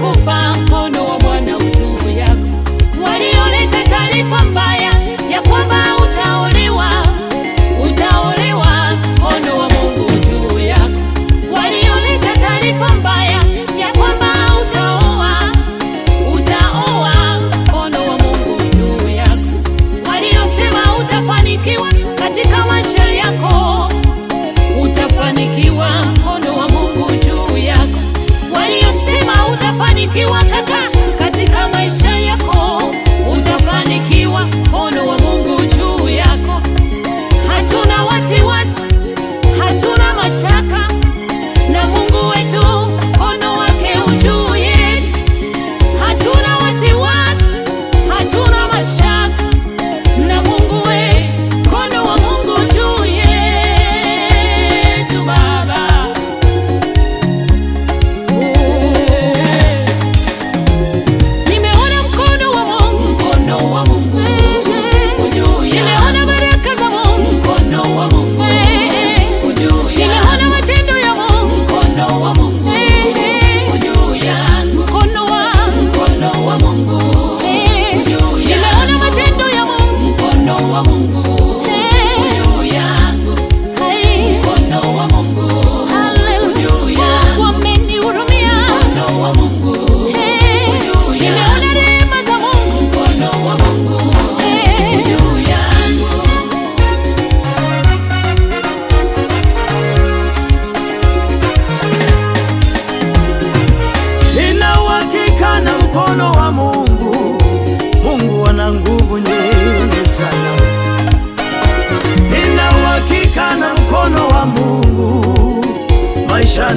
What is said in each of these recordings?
com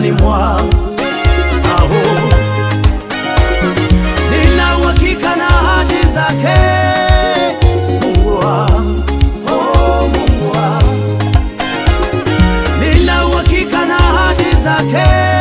maishani mwangu aho, nina uhakika na ahadi zake Mungu wangu, oh, nina uhakika na ahadi zake